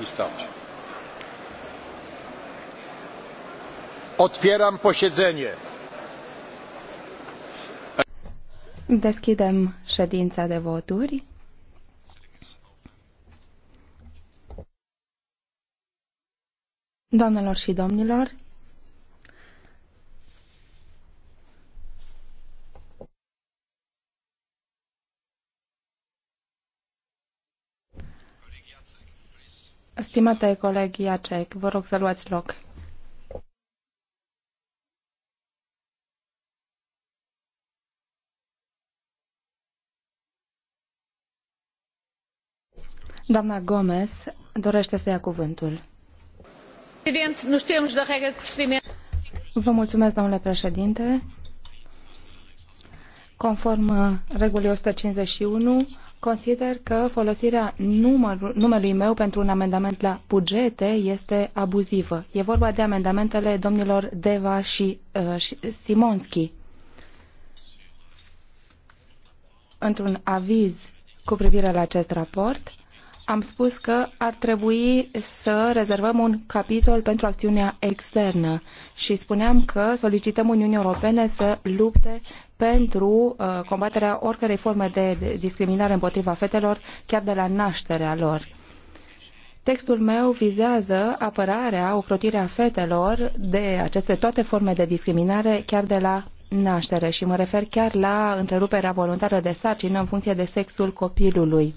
wystarczy. Otwieram posiedzenie. Deschidem ședința de voturi. Doamnelor și domnilor, Stimate coleg Iacek, vă rog să luați loc. Doamna Gomez dorește să ia cuvântul. Vă mulțumesc, domnule președinte. Conform uh, regulii 151, Consider că folosirea numărul, numelui meu pentru un amendament la bugete este abuzivă. E vorba de amendamentele domnilor Deva și, uh, și Simonski. Într-un aviz cu privire la acest raport, am spus că ar trebui să rezervăm un capitol pentru acțiunea externă și spuneam că solicităm Uniunii Europene să lupte pentru uh, combaterea oricărei forme de discriminare împotriva fetelor, chiar de la nașterea lor. Textul meu vizează apărarea, ocrotirea fetelor de aceste toate forme de discriminare, chiar de la naștere și mă refer chiar la întreruperea voluntară de sarcină în funcție de sexul copilului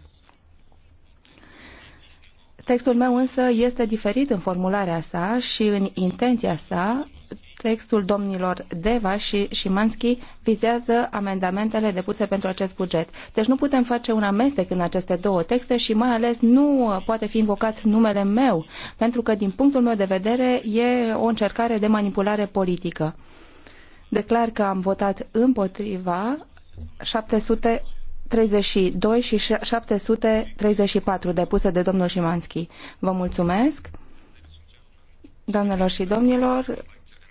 Textul meu însă este diferit în formularea sa și în intenția sa. Textul domnilor Deva și Șimanski vizează amendamentele depuse pentru acest buget. Deci nu putem face un amestec în aceste două texte și mai ales nu poate fi invocat numele meu, pentru că din punctul meu de vedere e o încercare de manipulare politică. Declar că am votat împotriva 700 32 și 734 depuse de domnul Șimanski. Vă mulțumesc. Doamnelor și domnilor,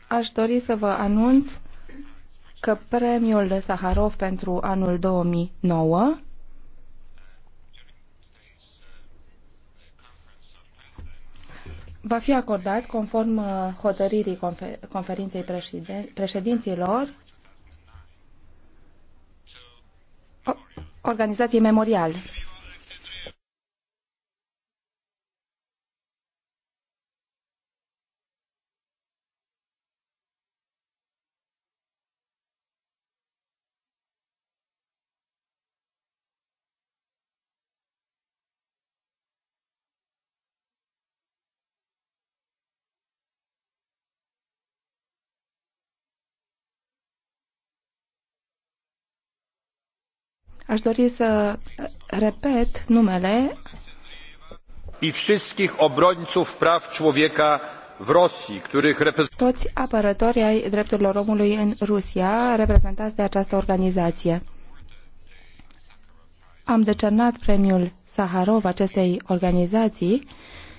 aș dori să vă anunț că premiul de Saharov pentru anul 2009 va fi acordat conform uh, hotărârii conferinței președinților organizaiei Memorial. Aș dori să repet numele i wszystkich obrońców praw człowieka w Rosji, których Toți apărătorii ai drepturilor omului în Rusia, reprezentați de această organizație. Am decernat premiul Saharov acestei organizații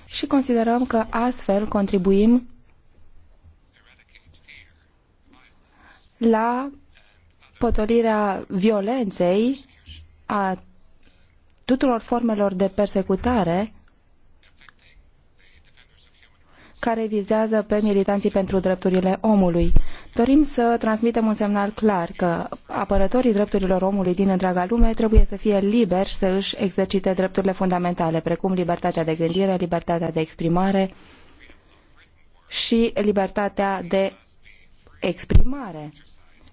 și considerăm că astfel contribuim la potolirea violenței a tuturor formelor de persecutare care vizează pe militanții pentru drepturile omului. Dorim să transmitem un semnal clar că apărătorii drepturilor omului din întreaga lume trebuie să fie liberi să își exercite drepturile fundamentale, precum libertatea de gândire, libertatea de exprimare și libertatea de exprimare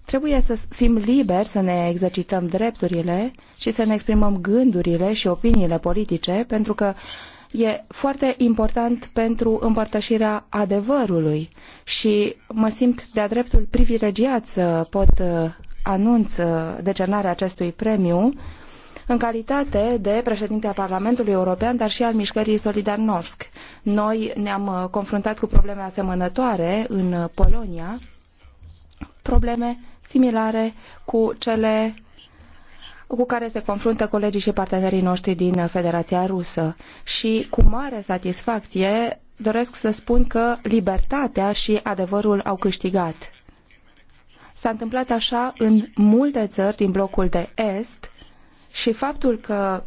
Trebuie să fim liberi să ne exercităm drepturile și să ne exprimăm gândurile și opiniile politice, pentru că e foarte important pentru împărtășirea adevărului și mă simt de-a dreptul privilegiat să pot uh, anunț uh, decernarea acestui premiu în calitate de președinte a Parlamentului European, dar și al mișcării Solidarnosc. Noi ne-am uh, confruntat cu probleme asemănătoare în Polonia, probleme similare cu cele cu care se confruntă colegii și partenerii noștri din Federația Rusă. Și cu mare satisfacție doresc să spun că libertatea și adevărul au câștigat. S-a întâmplat așa în multe țări din blocul de Est și faptul că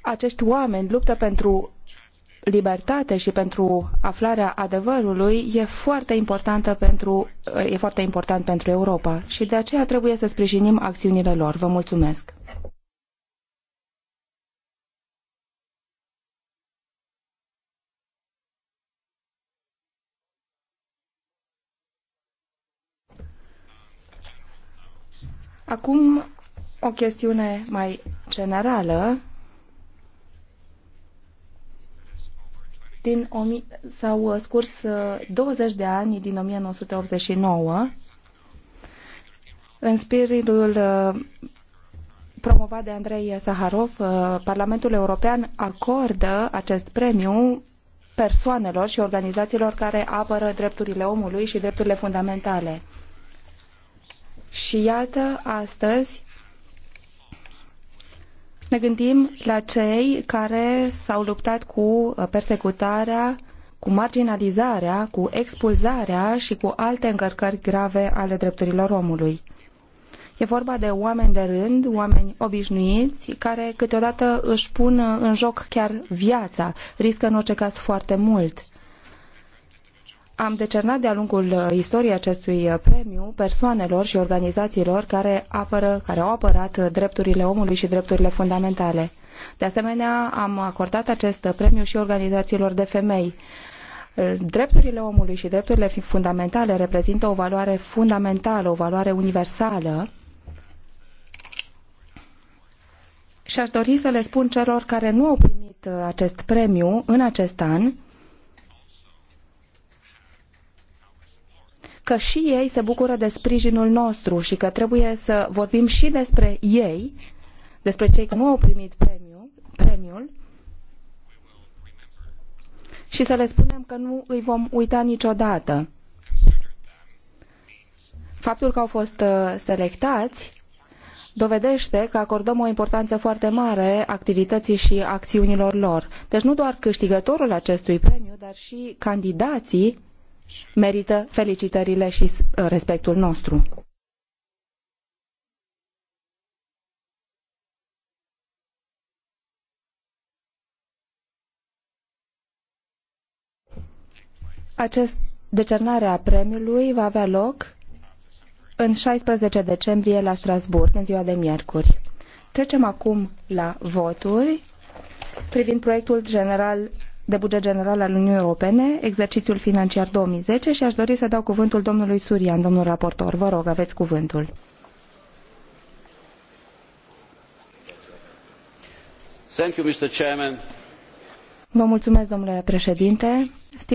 acești oameni luptă pentru libertate și pentru aflarea adevărului e foarte, importantă pentru, e foarte important pentru Europa și de aceea trebuie să sprijinim acțiunile lor. Vă mulțumesc! Acum o chestiune mai generală din s-au uh, scurs 20 uh, de ani din 1989 în spiritul uh, promovat de Andrei Saharov, Parlamentul European acordă acest premiu persoanelor și organizațiilor care apără drepturile omului și drepturile fundamentale. Și iată, astăzi, ne gândim la cei care s-au luptat cu uh, persecutarea, cu marginalizarea, cu expulzarea și cu alte încărcări grave ale drepturilor omului. E vorba de oameni de rând, oameni obișnuiți, care câteodată își pun uh, în joc chiar viața, riscă în orice caz foarte mult am decernat de-a lungul uh, istoriei acestui uh, premiu persoanelor și organizațiilor care, apără, care au apărat uh, drepturile omului și drepturile fundamentale. De asemenea, am acordat acest premiu și organizațiilor de femei. Drepturile omului și drepturile fundamentale reprezintă o valoare fundamentală, o valoare universală și aș dori să le spun celor care nu au primit acest premiu în acest an că și ei se bucură de sprijinul nostru și că trebuie să vorbim și despre ei, despre cei care nu au primit premiul, premiul și să le spunem că nu îi vom uita niciodată. Faptul că au fost uh, selectați dovedește că acordăm o importanță foarte mare activității și acțiunilor lor. Deci nu doar câștigătorul acestui premiu, dar și candidații merită felicitările și uh, respectul nostru. Acest decernarea premiului va avea loc în 16 decembrie la Strasbourg, în ziua de miercuri. Trecem acum la voturi privind proiectul general de buget general al Uniunii Europene, exercițiul financiar 2010 și aș dori să dau cuvântul domnului Surian, domnul raportor. Vă rog, aveți cuvântul. Thank you, Mr. Chairman. Vă mulțumesc, domnule președinte.